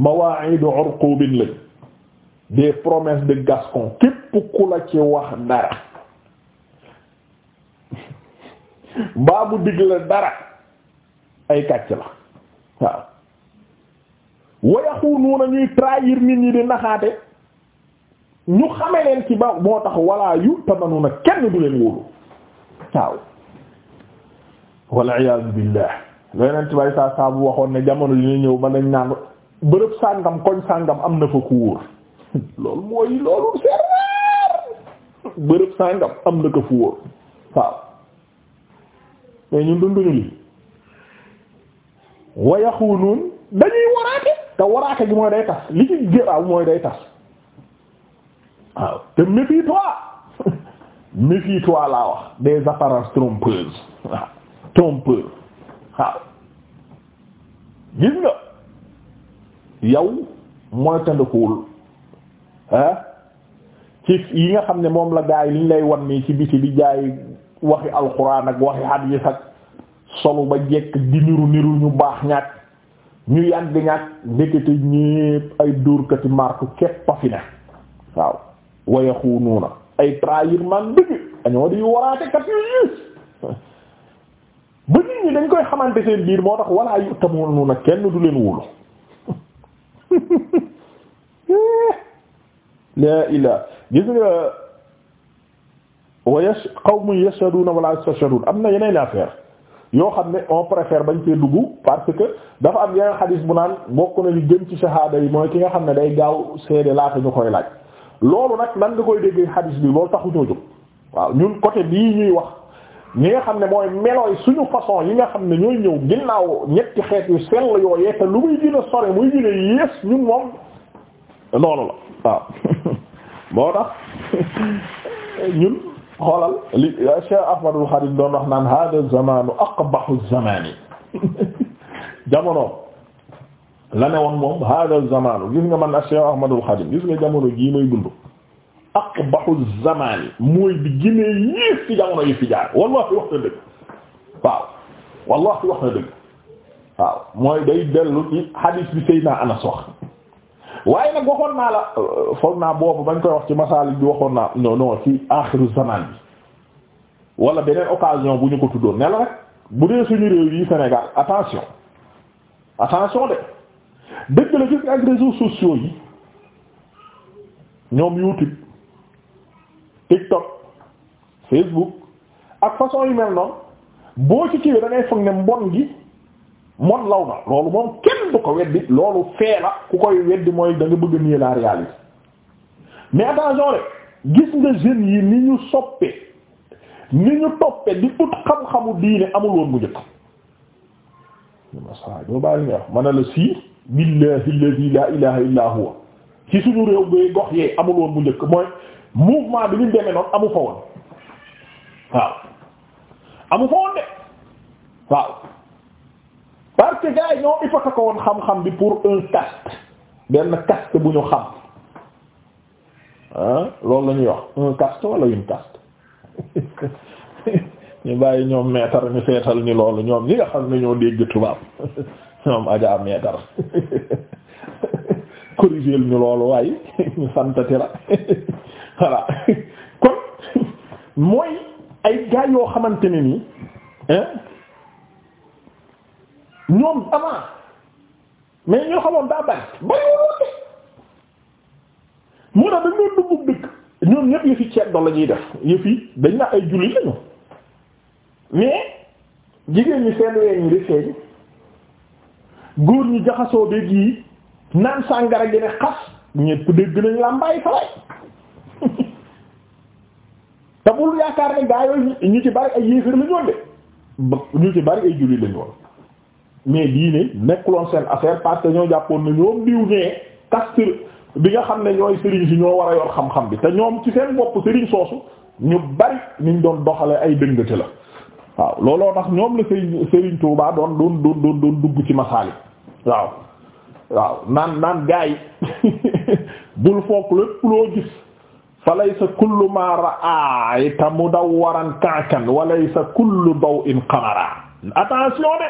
mawaa'idu urqubin lañ des promesses de Gascon képp ku la ci wax dara mbaa bu dara ay kàcc la waaw wayaxuunuuna ñuy trahir nit ñi di naxaate ñu xame leen ci moo tax walla yu tamanu na kenn du leen wóolu waaw wal iyaadu billah looy nent bay saa saabu waxoon ne jamono li ñëw ba nañ naan bërëb sàngam koñ sàngam am na ko ku wóor loolu mooy loolu bërëb sàngam am na ko fu wóor waaw mais ñun dunduñu li wayaxunuun dañuy waraate te waraate gi mooy day tas li ci gëraaw mooy day tas waaw te méfie-toi laa wax des apparences trompeuses waaw trompeur waaw gis nga yow mooy tëndkuwul ah ci yi nga xam ne moom la gaay liñ lay wan nii ci biti di jaay waxi alquran ak waxi hadith ak solu ba jekk di niru niru ñu baax ñaat ñu yàgg ñaat ndekete ñépp ay dóorkati martu képp a fi ne waaw wayaxuunuuna ay trahir man dëgg dañoo di waraate kat yu ñi dañ koy xamante seen biir moo tax walaa yu tamoon noona kenn du leen wóolu la ilaa gis nga wa yash qawmun yashhaduna wala yastashhadun am na yeneen affaire yoo xam ne on préfère bañ cee dugg parce que dafa am yeneen xadis bu naan bokk na li gën ci shahada yi mooy ki nga xam ne day gaaw seede laata ñu koy laaj loolu nag nan nga koy déggee xadis bi loolu taxuñoo jóg waaw ñun côté bii ñuy wax ñi nga xam ne mooy melooy suñu façon yi nga xam ne ñooy ñëw ginnaaw ñetti xeet yu sell yooyee te lu muy gën a sore muy gën a yées ñun moom loolu la waaw moo tax ñun xoolal li Cheikh Ahmadul Khadim doon wax naan hada zamanu aqbahu zamani jamono la ne woon moom hada zamanu gis nga man Cheikh Ahmadul Khadim gis nga jamono jii may dund aqbahu zamani mooy bi gënee yées ci jamono yi fi jaar wallahi wax na dëgg waaw wallahi wax na dëgg waaw mooy day dellu ci hadith bi Seydina Anas wax waaye nag waxoon naa la foog naa boobu bañ koy wax ci masaali bi waxoon naa non ci axiru zaman bi wala beneen occasion bu ñu ko tuddoon ne bu dee suñu réew yi Sénégal attention attention de dëgg la gis nga ak réseaux sociaux yi ñoom YouTube TikTok Facebook ak façon yu mel noonu boo ci kiiwee da ngay foog ne mbon gi mbon law na loolu moom kenn du ko weddi loolu fee ku koy weddi mooy da bëgg nii nier la réalité mais attention rek gis nga jeunes yi ni ñu soppe ni ñu toppe di ut xam-xamu diine amul woon bu njëkk la sii billahi alladhi la ilaha ci suñu réew goy gox yee amul woon bu mooy mouvement bi ñu demee noonu amu fa woon waaw amu fa woon de waaw parce que gars yi ñoo hypothéqué woon xam-xam bi pour un caste benn caste bu ñu xam loolu la ñuy wax un caste wala une caste ñu bàyyi ñoom meetar ñu seetal ñu loolu ñoom ñi nga xam ne dégg tubaab ñoom ajaa meetar corrigeel ñu loolu waaye ñu santatira voilà kon mooy ay gaa yoo xamante ne nii ñoom avant mais ñoo xamoon daa bari bari woon moo tax dañ doon dugg dëkk ñoom ñépp yëfi ceeb doon la ñuy def yëfi dañ na ay julli lañu mais jigéen ñi seen ween ñi di feeñ góor ñi jaxasoo beeg yi naan sàngara gi ne xas ñépp dégg nañ la mbaay fa te bul yaakaar ne gaa yooyu ñu ci bari ay yéefir la de ñu ci bari ay julli la ñoon mais diine nekkuloon seen affaire parce que ñoo jàppoon na ñoom diw nee kastir bi nga xam ne ñooy sëriñ si ñoo war a yor xam-xam bi te ñoom ci seen bopp sëriñ soosu ñu bari niñ doon doxale ay dëngate la waaw looloo tax ñoom la sëriñ sëriñ Tuubaa doon doon doon doon dugg ci masaali waaw waaw naan naan gaa yi bul foog lépp loo gis fa laysa kullu ma ra'ayta mudawwaran ka'kan wa laysa kullu daw'in qamara attention de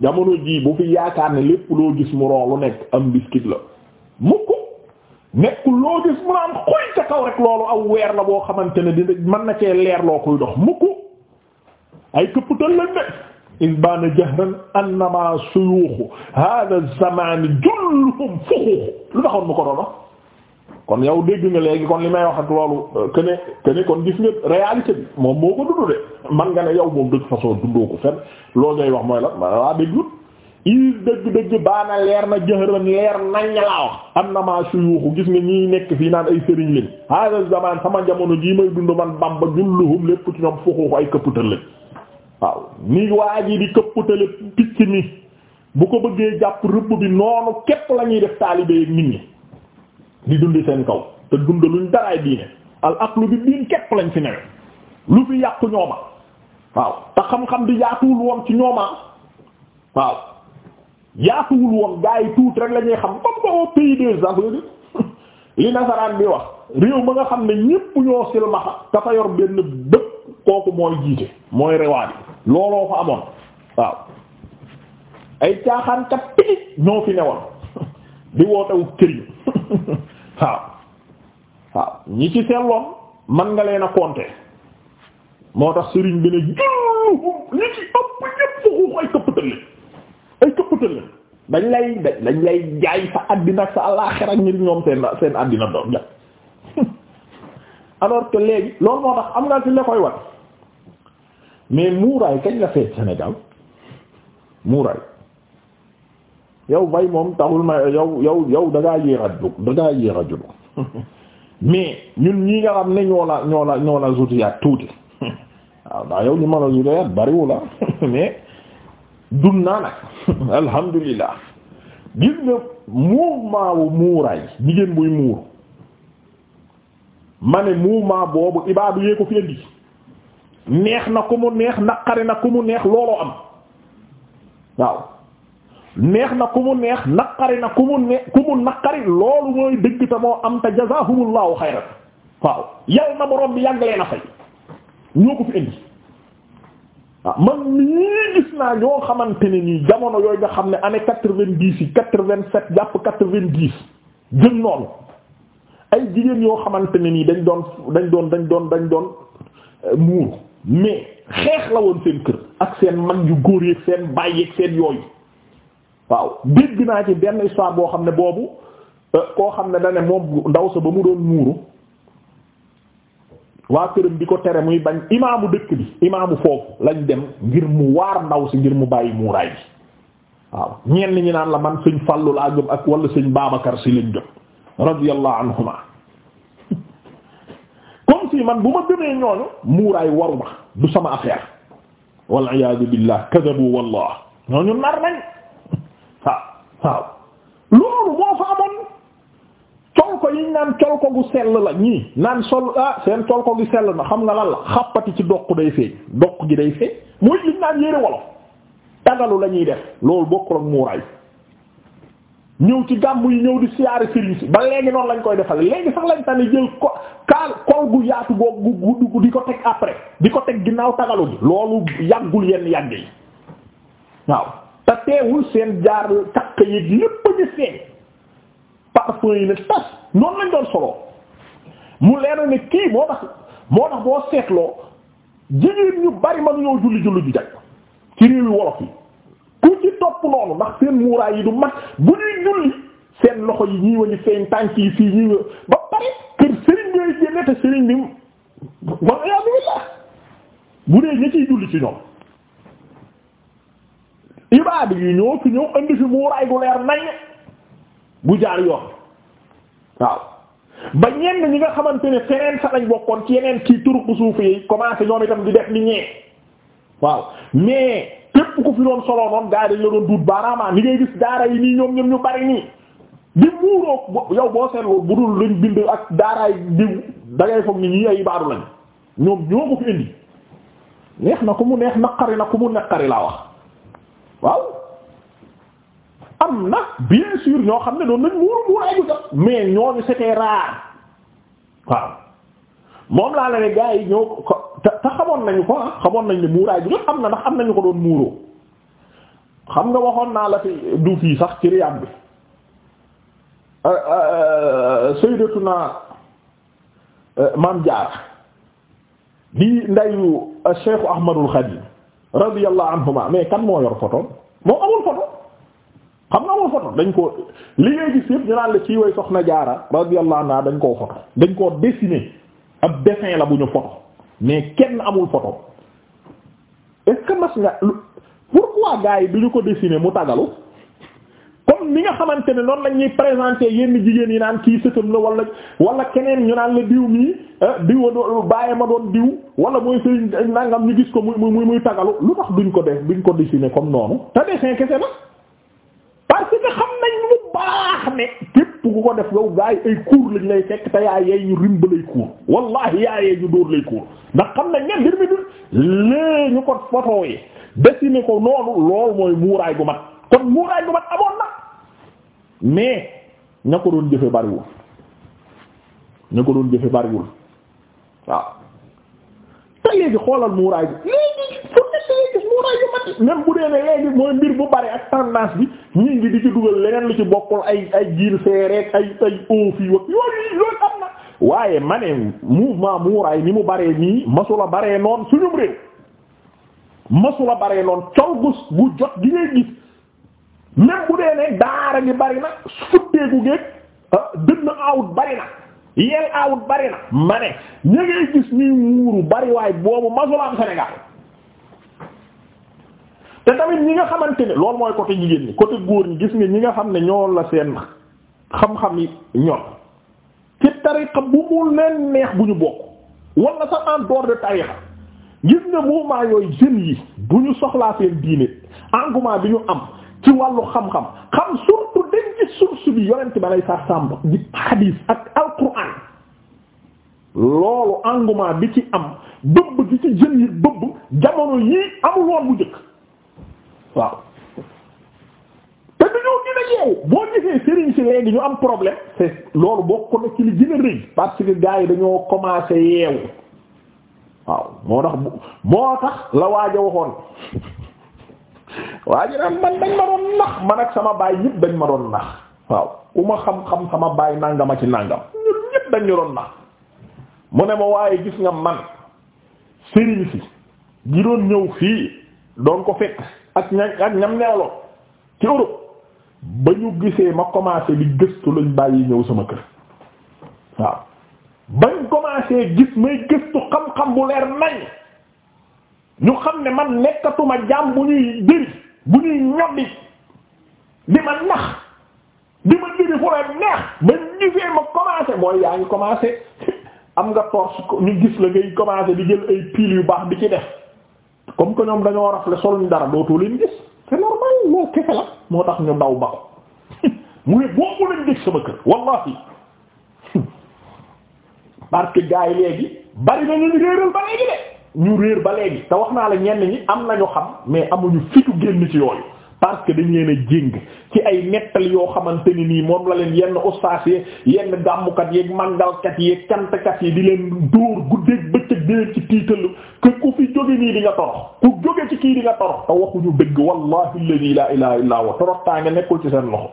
jamono ji bu fi yaakaar ne lépp loo gis mu ron lu nekk am biscuit la mukk nekkul loo gis mu naan xoy ca kaw rek loolu aw weer la boo xamante ne dina mën na cee leer loo koy dox mukk ay këpptal lañ de isbaana jahran annama suyuuxu hada zaman julluhum fuxuuxu lu taxoon mu ko doon kon yow dégg nga léegi kon li may wax ak loolu euh, que ne que ne kon gis nga réalité bi moom moo ko dund de man nga ne yow moom dëgg façon dundoo ko fenn loolu ngay wax mooy la ma laa déggut il dëgg-dëgg leer na jëxëran leer nañ laa wax am na maa suyuuxu gis nga ñiy nekk fii naan ay sëriñ lañ hada zaman sama jamono jii may dund man bamba julluhum lépp ci ñoom fuxuuxu ay këpp lañ waaw ni waa ji di këppatale picc mi bu ko bëggee jàpp rëbb bi noonu képp la ñuy def taalibe di dundi seen kaw te dundaluñ daraay diine al aqlu bi diin képp lañ fi newe lu fi yàqu ñooma waaw te xam-xam di yaatuwul woon ci ñooma waaw yaatuwul woon gaa yi tuut rek la ñuy xam comme que au pays des aveugles li nasaraan bi wax réew ma nga xam ne ñépp ñoo silmaxa dafa yor benn dëkk kooku mooy jiite mooy rewaat yi looloo fa amoon waaw ay caaxaan kat ñoo fi newoon di wootewu këriñ waaw waaw ñi ci selloon man nga leen a compter moo tax sëriñ bi ne julluhum ñi ci ëpp ñëpp xuux ay këppatal leen ay këppatal leen dañ lay dañ lay jaay sa àddina ak sa àllaxira ak ñir ñoom seen seen àddina doon ja alors que léegi loolu moo tax am nga ci la koy wat mais muuraay kañ la feet Sénégal muuraay yow bay moom taxul ma yow yow yow da ngaa yéex a jóg da yéex a jóg mais ñun ñi nga xam ne ñoo la ñoo la ñoo la zutiyaat tuuti waaw ndax yow li ma la zutiyaat bariwul la mais dun naa nag alhamdulillah gis nga mouvement wu muuraay jigéen buy muur ma ne mouvement boobu ibaadu yee ko fi indi neex na ku mu neex naqari na ku mu neex looloo am waaw neex na ku mu neex naqari na ku mu neex ku mu naqari loolu mooy dëgg tamoo moo am te jazaahumullahu xayran waaw yal na borom bi yàgg leen a fay ñoo ko fi indi ah, man mii gis naa ñoo xamante ne nii jamono yooy nga xam ne année quatre-vingt-dix yi quatre-vingt-sept jàpp quatre-vingt-dix jëm noonu ay jigéen yoo xamante ne nii dañ doon dañ doon dañ doon dañ doon euh, muur mais xeex la woon seen kër ak seen mag yu góor yeeg seen baay seen yooyu. waaw dégg naa ci benn histoire boo xam ne boobu euh, koo xam ne da moom ndaw sa ba mu doon muuru waa këram di ko tere muy bañ imaamu dëkk bi imaamu foofu lañ dem ngir mu waar ndaw si ngir mu bàyyi muuraay bi waaw ñenn ñi naan la man sëñ Fallu laa gëm ak wala sëñ Babacar si lañ jot radiyallahu anhuma comme si man bu ma gëmee ñooñu muuraay waruma du sama affaire wal iyaadu billah kadabu wallah ñooñu nar nañ waaw waaw loolu moo fa amoon col ko yiñ naan col ko gu sell la ñii naan sol ah seen col ko gu sell na xam nga lan la xàppati ci doq day feeñ doq gi day feeñ muy liñ naan yére wolof tagalu la ñuy def loolu bokkul ak muuraay ñëw ci gàmm yi ñëw di siyaare sëriñ si leen léegi noonu lañ koy defal léegi sax lañ tànn jël ko kaal kol gu yaatu googu di ko teg après di ko teg ginnaaw tagalu gi loolu yàggul yenn yàgg yi waaw te teewul seen jaar takk yi lépp ñu feeñ parfum yi ne tas noonu lañ doon solo mu leeral ne kii moo tax moo tax boo seetloo jigéen ñu bari man ñoo julli julli ju jag ci réewi wolof yi ku ci topp noonu ndax seen muuraay yi du mat bu ñuy julli seen loxo yi ñii wañu tànk yi fii ñii ba pare kër sëriñ ngay génne te sëriñ bi bu dee ñi julli ci ñoom ibaadu yi ñoo fi ñëw indi fi muuraay gu leer nañ bu jaar yoon waaw ba ñenn ñi nga xamante ne feneen sa lañ bokkoon ci yeneen kii turuq suufi yi commencé ñoom itam di def ni ñee waaw mais képp ku fi doon soloo noon gaa yi dañ la doon duut baaraamaa li ngay gis daara yi nii ñoom ñoom ñu bari nii di muuroo yow boo seetloo bu dul luñ bind ak daaraay diw da ngay foog ni ñi ay ibaadu lañ ñoom ñoo ko fi indi neex na ku mu neex naqari na ku mu naqari laa wax waaw am na bien sûr ñoo xam ne doon nañ muuru muuraay bi sax mais ñooñu c'était rare waaw moom laa la ne gars yi ñoo ko te te xamoon nañu ko ah xamoon nañ ne muuraay bi jot am na ndax am nañu ko doon muuroo xam nga waxoon naa la fi du fii sax ci Riyad bi euh, euh, sayyidatuna euh, Maam Jaara di ndayu Cheikh Ahmadul Khadim radiyallahu anhuma mais kan moo yor foto moom amul photo xam nga amul photo dañ koo li ngay gis yëpp ñu naan la ci way soxna jaara radiyallahu anha dañ koo photo dañ koo dessiner ab dessin la bu ñu photo mais kenn amul foto est-ce que mas nga yi du ñu ko dessiner mu tagalu comme ni nga xamante ne noonu la ñuy présenter yenn jigéen yi naan kii sëtam la wala wala keneen ñu naan la diw mii eh, diw bàyyi ma doon diw wala mooy sëriñ nangam ñu gis ko muy muy muy tagalu lu tax duñ ko def duñ ko dessiner comme noonu te dessin kese na parce que xam nañ lu baax ne képp ku ko def yow gaa yi ay cours lañ lay fekk te yaa yey ñu rimba lay cours wallahi yaa ñu dóor lay cours ndax xam nañ ne mbir mi du lée ñu ko photo yi dessiner ko noonu lool mooy mais ña ko doon jëfe bariwul ña ko doon jëfe bariwul waaw te léegi xoolal muuraay bi léegi fu nekk ngay gis muuraay yu mat même bu dee ne léegi mooy mbir bu bari ak tendance bi ñii ngi di ci dugal leneen lu ci bokkul ay ay jiir seereek ay ay oof yi wag yooyu yooyu am na waaye ma ne mouvement muuraay ni mu baree nii masula baree noon suñum réew masula baree noon col gus bu jot gi ngay gis même bu dee ne daara gi bari na futteeku géeg ah, na awut bari na yel awut bari na ma ne ña ngay gis ñuy muuru bariwaay boobu masulaam Sénégal te tamit ñi nga xamante ne loolu mooy côté jigéen ñi côté góor ñi gis nga ñi nga xam ne ñoo la seen xam-xam yi ñor ci tariqa bu mu leen neex bu ñu bokk wala sax en dehors de tariqa gis nga mouvement yooyu jeunes yi bu ñu soxlaa seen diine engouement bi ñu am ci wàllu xam-xam xam surtout dañ ci source bi ba lay sa sàmb di hadis ak alquran loolu engouement bi ci am bëbb gi ci jën yi bëbb jamono yii amul woon bu jëkk waaw te dañoo gën a yeewu boo gisee sëriñ si léegi ñu am problème loolu bokk na ci li gën a rëy parce que gars yi dañoo commencé yeewu waaw moo tax moo tax la waaj waxoon waa ji naan man dañ ma doon nax man ak sama baay yëpp dañ ma doon nax waaw ku ma xam-xam sama baay nangam ci nangam ñun ñëpp dañ doon nax mu ne ma waaye gis nga man sëriñ si gi doon ñëw fii doon ko fekk ak ña ak ñam neewloo ci Europe ba ñu gisee ma commencé bi gëstu lañ bàyyi ñëw sama kër waaw bañ commencé gis may gëstu xam-xam bu leer nañ ñu xam ne man nekkatuma jaam bu ñuy jëri bu ñuy ñoddi di ma nax di ma jëri fu la neex ma gisee ma commencé mooy yaa ngi commencé am nga torche ñu gis la ngay commencé di jël ay pile yu baax di ci def comme que ñoom dañoo rafle soluñ dara dootoo leen gis c'est normal loolu kese la moo tax ñu daw ba ko mu ne boobu leen gis sama kër wallahi parce que gars yi léegi bari na ñu réeral ba léegi de ñu réer ba léegi te wax naa la ñenn ñi am nañu xam mais amuñu fitu génn ci yooyu parce que dañ leen a jéng ci ay nettali yoo xamante ni nii moom la leen yenn ustaas yi yenn gàmmukat yeeg màngalkat yeeg cantkat yi di leen dóor guddeeg bëccëg di leen ci tiitalu que ku fi jóge nii di nga torox ku jóge ci kii di nga torox te waxuñu bëgg wallahi alladhi la ilaha illa huwa torox taa nga nekkul ci seen loxo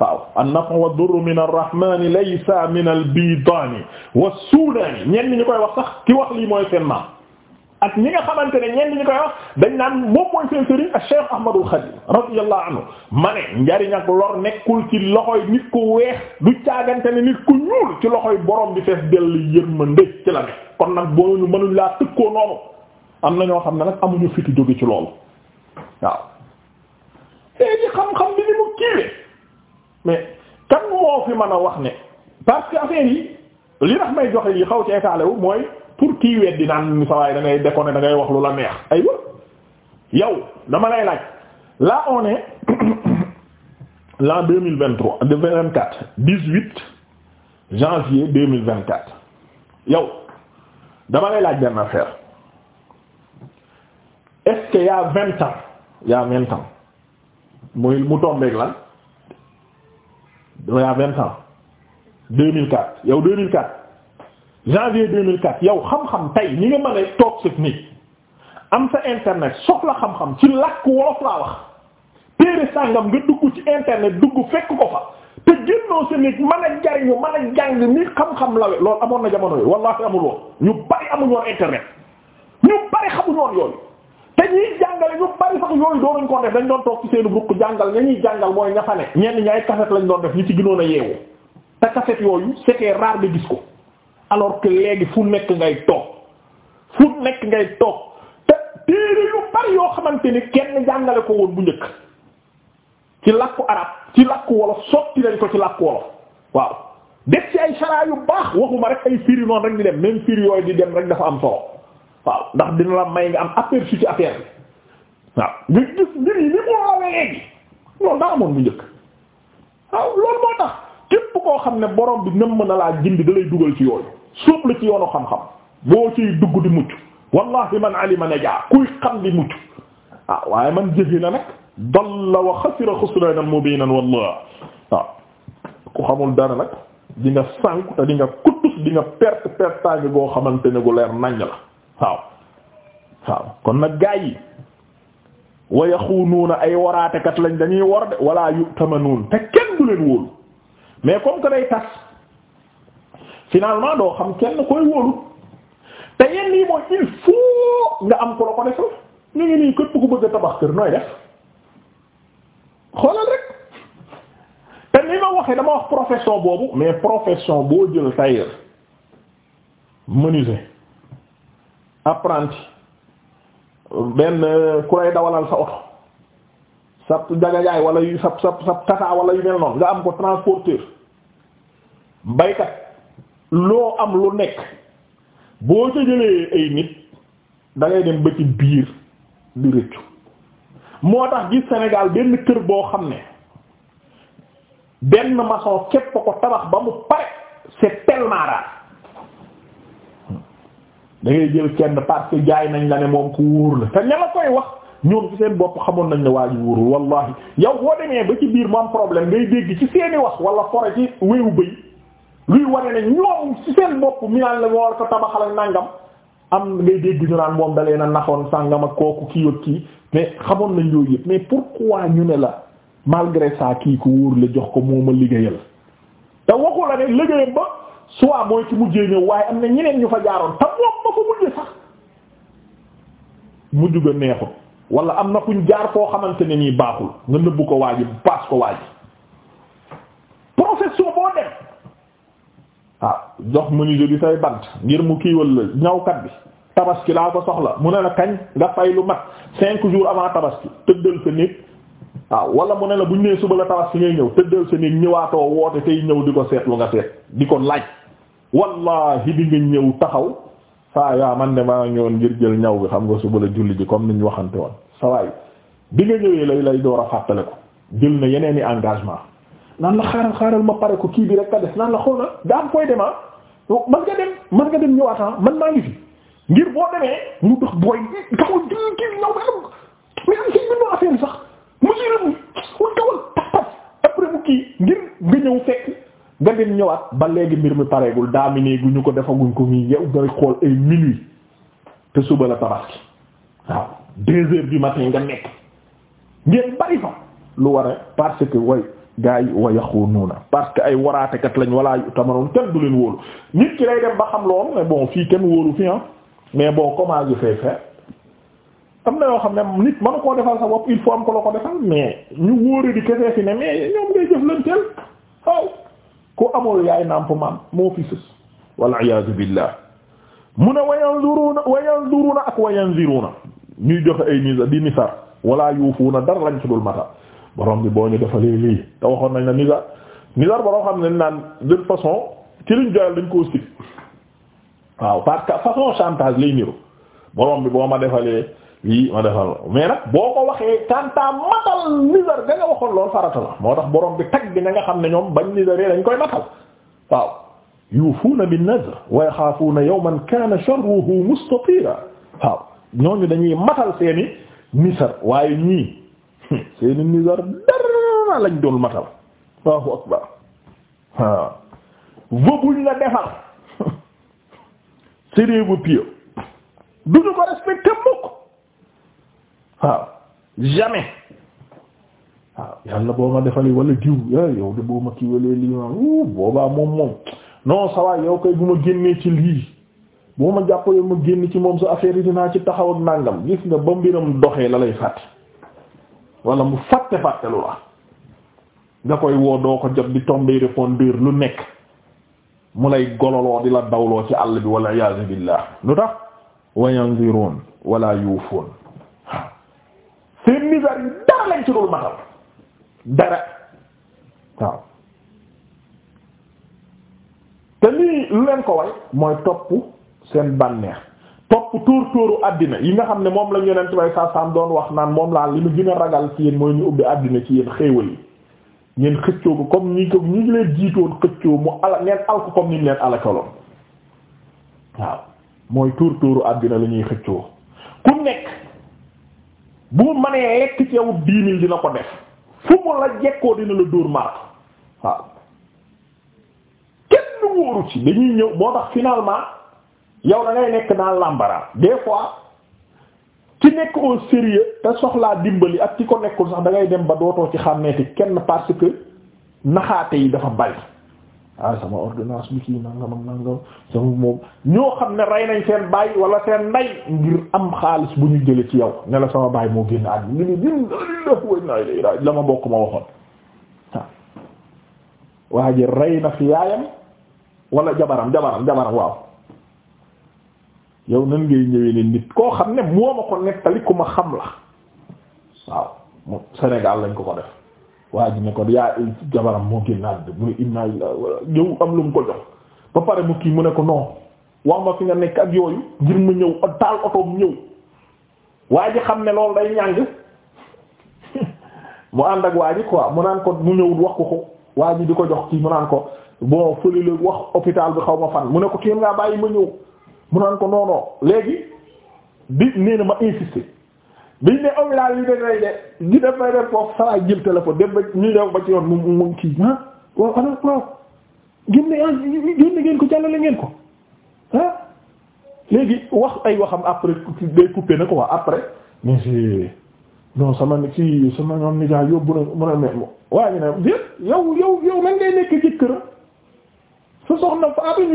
waaw an-nafu wa durru min ar-rahmani laysa min al-bidani was-sudani ñenn ñi koy wax sax ki wax lii mooy seen ak ñi nga xamante ne ñenn ñi koy wax dañ naan moom mooy seen sëriñ ak Cheikh Ahmadul Khadim radiyallahu anhu ma ne njariñ ak lor nekkul ci loxo nit ku weex du caagante nit ku ñuul ci loxo borom bi fees dell yërmande ci la ne kon nag boo ñu mënuñ laa tëkkoo noonu am na ñoo xam ne nag amuñu fiti jóge ci loolu waaw te eh, ci xam-xam bi ni mu kiiwee mais kan moo fi mën a wax ne parce que affaire yi li tax may joxe yi xaw ci mooy pour kii weddi naan sawaay da ngay déconner da ngay wax lu la neex aywa yow dama lay laaj là on est l'an deux mille vingt trois de vingt quatre dix huit janvier deux mille vingt quatre yow dama lay laaj benn affaire est-ce que y a vingt y a vingt ans muy mu tombeeg lan y a vingt ans deux mille quatre yow deux mille janvier 2004 yow xam-xam tey ñi nga mën a toog sa nit am sa internet soxla xam-xam ci làkk wolof laa wax téere sàngam nga dugg ci internet dugg fekk ko fa te génnoo sa nit mën a jariñu mën a jàng ni xam-xam lawe loolu amoon na jamono yooyu wallahi amul woon ñu bari amuñu woon internet ñu bari xamuñu woon yooyu te ñuy jàngale ñu bari sax yooyu doonuñ ko def dañ doon toog ci seeni bukk jàngal ña ñuy jàngal mooy ña fa ne ñenn ñi ay cassette lañ doon def ñu ci gënoon a yeewu te cassette yooyu c'était rare de gis ko alors que léegi fu nekk ngay toog fu nekk ngay toog te téere yu bari yoo xamante ni kenn jàngale ko woon bu njëkk ci làkku arab ci làkku wolof sotti nañ ko ci làkku wolof waaw def ci ay saraa yu baax waxuma rek ay firi noonu rek di dem même firi yooyu di dem rek dafa am solo waaw ndax dina la may nga am aperçu ci affaire bi waaw nga gis mbir yi mu woowee léegi loolu daa amoon bu njëkk waaw loolu moo tax képp koo xam ne borom bi nëmm na laa gindi da lay dugal ci yooyu sóob la ci yoonu xam-xam boo ciy dugg di mucc wallahi man alima najaa kuy xam di mucc ah waaye man jahila nag dalla wa xasira xusraanan mubiinan wallah waaw dara nag di nga xamante ne gu leer naññ la waaw waaw kon nag gaa yi wa ay waraatekat lañ dañuy war de wala yutamanuun te kenn du leen wóolu mais comme que day tas finalement doo xam kenn koy wóolu te yenn yi mooy il faut nga am ko la ko defal ñu ngi nii képp ku bëgg tabax kër nooy def xoolal rek te ni ma waxee dama wax profession boobu mais profession boo jël tailleur menuisier apprenti benn ku lay dawalal sa oto sab jaay wala yu sab sab sab tata wala yu mel noonu nga am ko transporteur baykat loo am lu nekk boo ci jëlee ay nit da dem ba biir di rëccu moo tax gis Sénégal benn kër boo xam ne benn maçon képp ko tabax ba mu pare c'est tellement rare da jël kenn parce que jaay nañ la ne moom ku wóor la te ña la koy wax ñoom ci seen bopp xamoon nañ ne waa ji wóorul wallahi yow boo demee ba ci biir mu am problème ngay dégg ci seeni wax wala fore ci wéewu bëy luy wane ne ñoom ci seen bopp mi naan la war ko tabaxal ak nàngam am ngay dégg ñu naan moom dalee na naxoon sàngam ak kooku kii ak kii mais xamoon nañ yooyu yëpp mais pourquoi ñu ne la malgré ça kii ko wóor la jox ko mooma liggéeyal te waxu la ne liggéeyam ba soit mooy ci mujjee ñëw waaye am na ñeneen ñu fa jaaroon te moom ma fa wala am na fuñ jaar koo xamante ne nii baaxul nga nëbbu ko waa ji baas ko waa ji profession boo dem waaw ah, jox menuisier bi say bant ngir mu kiiwal la ñawkat bi tabaski laa ko soxla mu ne la kañ nga fay lu mat cinq jours avant tabaski tëddal sa nit waaw ah, wala mu ne la ñu nee suba la tabaski ngay ñëw tëddal sa nit ñëwaatoo woote tey ñëw di ko seetlu nga seet di ko laaj wallahi di nga ñëw taxaw ah yaa man de maa ñëwoon ngir jël ñaw bi xam nga su la julli ji comme ni ñu waxante woon sawaay bi nga ñëwee lay lay door a fàttale ko jël na yeneen i engagement naan la xaaral xaaral ma pare ko kii bi rek ka des naan la xool na daan koy dem ah man nga dem man nga dem ñëwaat ah. man maa ngi fi ngir boo demee mu tax booy taxul jël kii kii nga ñëw fekk. nga dem ñëwaat ba léegi mbir mi pareegul daamine gu ñu ko defaguñ ko nii yow ngay xool ay minuit te suba la tabaski waaw deux heures du matin nga nekk ngeen bari fa lu war a parce que way gaa yi wa yaxunuuna parce que ay waraatekat lañ walaa yu tamaroon kenn du leen wóolu nit ki lay dem ba xam loolu mais bon fii kenn wóolu fi ah mais bon comment je fais faire am na yoo xam ne nit mënu koo defal sa bopp il faut am ko la ko defal mais ñu wóori di kese ne mais ku amul yaay nàmp maam moo fi sës wal iyaadu billah mu ne wa yanzuruna wa yanzuruna ak wa yanziruna ñuy joxe ay nisa di nisar wala yuufuuna dara lañ ci dul mata borom bi boo ñu defalee lii te waxoon nañ na nisar nisar borom xam ne naan de façon ci liñ joyal dañ koo sib waaw parce que façon chantage lay niru borom bi boo ma defalee lii ma defal mais nag boo ko waxee tanta matal nizar da nga waxoon lool farata la moo tax boroom bi tag bi na nga xam ne ñoom bañ nizaree dañ koy matal waaw yuufuuna bin nazr wa yaxaafuuna yawman kaana sharruhu mustatira waaw ñooñu dañuy matal seeni nizar waaye ñii seeni nizar dara lañ doon matal Allahu akbar waaw vëbuñ la defal c'est des vœux pieux duñu ko respecté mukk waaw jamais waaw yàlla boo ma defali wala diw eh, yow de boo ma kii walee lii ma wuu boobaa moom moom non sawaay yow koy bu ma génnee ci lii boo ma jàppale ma génn ci moom sa affaire yi dinaa ci taxaw ak nàngam gis nga ba mbiram doxee la lay fàtte wala mu fàtte fàtte lu la nga koy woo doo ko jot di tomber répondeur lu nekk mu lay gololoo di la dawloo ci àll bi wala iyaazu billah lu tax wayanzirun wala yuufoon seen misère yi dara lañ ci dul matal dara waaw te lii lu leen ko way mooy topp seen bànneex topp tóor tóoru àddina yi nga xam ne moom la yonent bay saasaam doon wax naan moom laa li mu gën a ragal ci yéen mooy ñu ubbi àddina ci yéen xéewal yi ngeen xëccoo ko comme ñi ko ñi leen jiitoon xëccoo mu ala ngeen al comme ni mu leen alakaloon waaw mooy tóor tóoru àddina la xëccoo ku nekk bu ma mënee lekk ci yow dix mille dina ko def fu mu la jekkoo dina la dóor mark waaw kenn wóoru ci dañuy ñëw moo tax finalement yow da nekk naa làmbara des fois ci nekk au sérieux te soxlaa dimbali ak ci ko nekkul sax da ngay dem ba dootoo ci xàmmeeti kenn parce que naxaate yi dafa bari ah sama ordonnance bi kii nangam ak nangam sama moom ñoo xam ne rey nañ seen baay wala seen ndey ngir am xaalis bu ñu jële ci yow ne la sama baay moo génn àddina li ñu gën la ma bokk ma waxoon waa ji rey na fi yaayam wala jabaram jabaram jabaram waaw yow nan ngay ñëwee nit koo xam ne moo ma ko nettali ku ma xam la waaw moom Sénégal lañ ko ko def. waa ji ne ko yaa jabaram moo génnaat bi mu ne inna yow am lu mu ko jox ba pare mu kii mu ne ko non wax ma fi nga nekk ak yooyu ngir mu ñëw taal otoom ñëw waa ji xam ne loolu day ñàng mu ànd ak waa ji quoi mu naan ko mu ñëw wax ko ko waa ji di ko jox kii mu naan ko bon fële la wax hôpital bi xaw ma fan mu ne ko kii ngaa bàyyi ma ñëw mu naan ko non léegi bi nee ma insister. biñ ne aw laa lii de day de gi def may def foofu saa jël téléphone dem ba ñu ñëw ba ci yoon mu mu kii ah waaw ana waaw génne ah génne ngeen ko jàllale ngeen ko ah léegi wax ay waxam après day ko waa après mais c'est non sama kii sama ñoom ni jaay yóbbu na mën a mem ne jël yow yow yow lan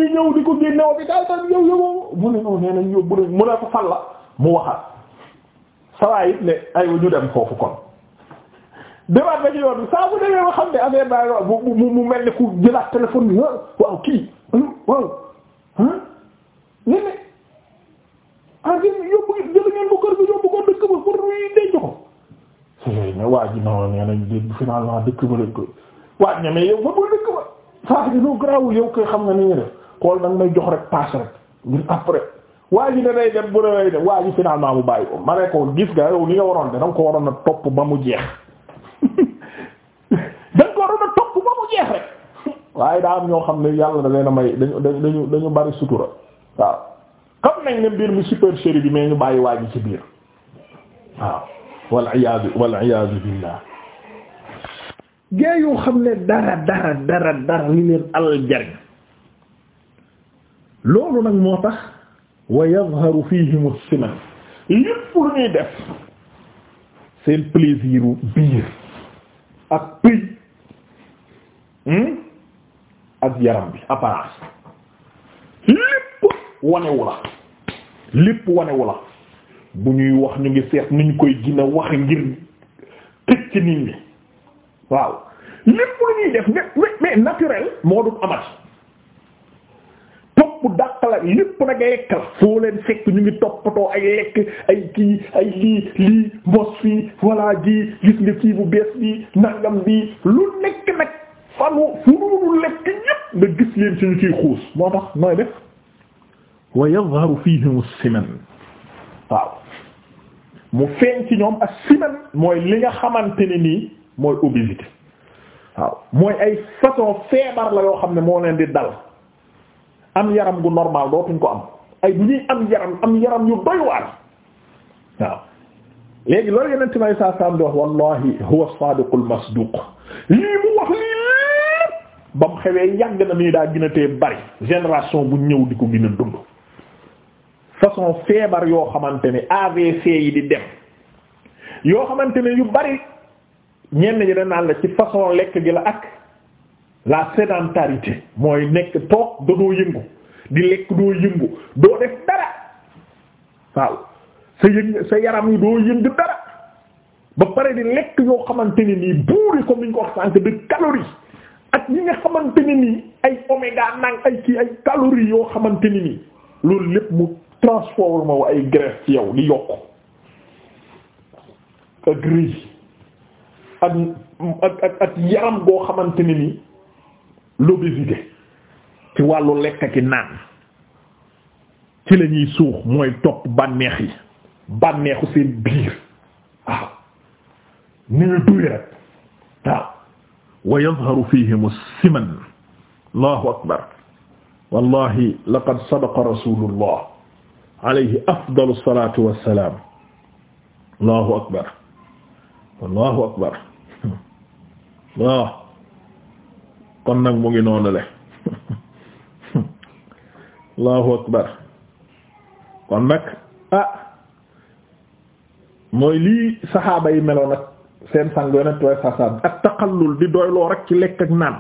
ñëw di ko génne hôpital tam yow yow mu yóbbu nañ mu ne ko fal la mu waxat sawaay it ne aywa ñu dem foofu kon demaat ba ci yoon saa bu demee ba xam ne affaire baa nga bu mu mel ni ku jëlaat téléphone bi ah, waaw kii ah, waaw ah, ne ngeen bu kër bi yóbbu dëkk ba pour waa ji non ba lañ yow ba dëkk ba. saa si garaawul yow koy xam nga ni ñu def xool nag may jox rek paas rek ngir après. waa ji danay dem bu daway dem waa ji finalement mu bàyyi ko ma ne ko gis nga yow ni nga waroon de danga ko waroon a topp ba mu jeex danga ko waroon a topp ba mu jeex rek waaye daa am ñoo xam ne yàlla da leen a may dañu dañu dañu bari sutura waaw xam nañ ne mbir mi supercherie bi mais ñu bàyyi waa ji ci biir waaw wal iyaazu wal iyaazu billah géey yoo xam ne dara dara dara dara li leen alal loolu nag moo tax wa yazharu fihimu siman lépp lu ñuy def seen plaisir u biir ak pëy hmm, ak yaram bi apparence lépp wanewu la lépp wanewu la bu ñuy wax ñu ngi seet nuñ koy gina waxe ngir tëj ci nit ñi waaw lépp lu ñuy def mais mais naturel moo dul amati topp da la lépp nag lekk la foo leen fekk ñu ngi toppatoo ay lekk ay kii ay lii lii mos fii voilà gii gis nga kii bu bees bi nangam bi lu nekk nag fanu fu lu lekk ñépp nga gis leen suñu ciy xuus moo tax nooy def wa yadharu waaw mu feeñ ci ñoom ak siman mooy li nga xamante ne nii mooy obésité waaw mooy ay façon feebar la loo xam ne moo leen di dal am yaram gu normal dootuñ ko am ay bu ñuy am yaram am yaram yu doy waar waaw léegi loolu yeneen timay saa saam di wax wallahi huwa as-sadiqul masduq lii mu wax lii ba mu xewee yàgg na mi daa gën bari génération bu ñëw di ko gën a dund façon feebar yoo xamante ne AVC yi di dem yoo xamante ne yu bari ñenn ñi da naan ci façon lekk gi la ak la sédentarité mooy nekk toog doo yëngu di lekk doo yëngu doo def dara waaw sa yëng sa yaram yi doo yëng dara ba pare di lekk yoo xamante ne nii buuri comme ni ñu ko wax sànq de calories ak ñi nga xamante ne nii ay oméga nang ay kii ay calories yoo xamante ne nii loolu lépp mu transformé wu ay graisse ci yow di yokk ak riz ak ak yaram goo xamante ne nii. l'obésité ci wàllu lekk ki naan ci suux mooy topp bànneex yi bànneexu seen biir waaw ni ñu duy rek waaw wa yadharu fihim as-siman allahu akbar wallahi laqad sadaqa rasulullah alayhi afdalu kon nag mu ngi noonu le allahu akbar kon nag ah mooy lii saxaaba yi meloon ak seen sang yonent waaye saxaaba ak taqallul di doyloo rek ci lekk ak naan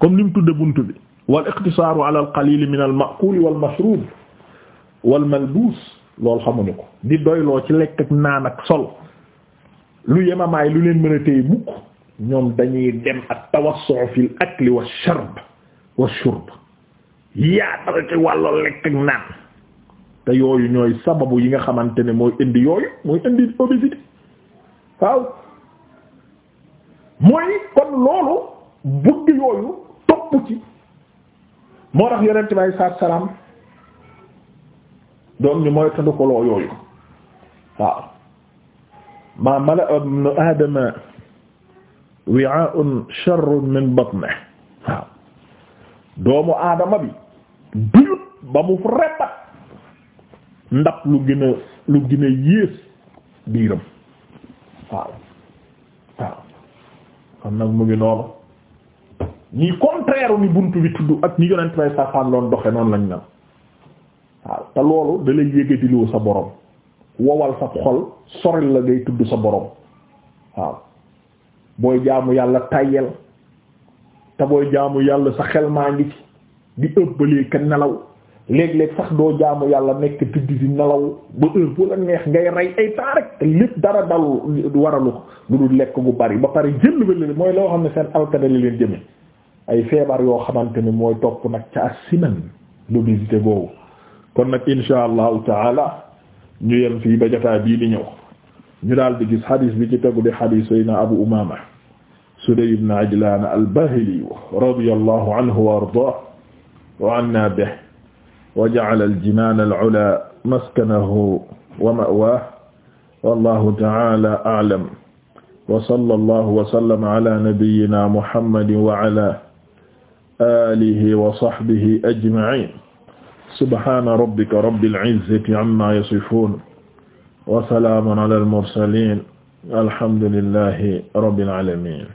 comme ni mu tudde bunt bi wal iqtisaaru ala al qalil min al ma'kul wal xamuñu ko di doyloo ci lekk ak naan ak sol lu yemamaay lu leen mën a téye mukk ñoom dañuy dem ak tawassu fil akli wa sharb wa shurb yaatal ci wàllu lekk ak naan te yooyu ñooy sababu yi nga xamante ne mooy indi yooyu mooy indi obésité waaw mooy kon loolu bëgg yooyu topp ci moo tax yonent bi saa salaam doom ñu mooy tëndu ko loo yooyu waaw maa mala ibnu aadama wi'a'un waaw doomu aadama bi duyut ba mu repat ndab lu gën a lu gën a yées biiram waaw waaw kon nag mu ngi noonu ñi contraire ni bunt bi tudd ak ñi yonent bay safaan loon doxe noonu lañ nan waaw te loolu da lay yégatiloo sa borom wowal sa xol soril la ngay tudd sa borom waaw booy jaamu yàlla tayyel te booy jaamu yàlla sa xel maa ngi ci di ëpbalee ka nelaw léeg-léeg sax doo jaamu yàlla nekk tëdd di nelaw ba heure bu la neex ngay rey ay rek te lépp dara dal waralu ko lu dul lekk gu bari ba pare jël wélale mooy loo xam ne seen alkadali leen jëme ay feebar yoo xamante ni mooy topp nag ca as sinan l'obésité googu kon nag insha allahu taala ñu yem fii ba jotaay bii di ñëw ñu daal di gis hadis bi ci tegu di hadis Seydina Abu Umama Sudayy ibn Ajlaan al-Baahili radiyallahu anhu wa ardaahu wa annaa bihi wa ja'ala al-jinaan al-'ulaa maskanahu wa ma'waahu wallaahu ta'aalaa a'lam wa sallallaahu wa sallama 'alaa nabiyyinaa Muhammadin wa 'alaa aalihi wa sahbihi ajma'iin subhaana rabbika rabbil 'izzati 'ammaa yasifuun wa salaamun 'alal mursaliin alhamdulillaahi rabbil 'aalamiin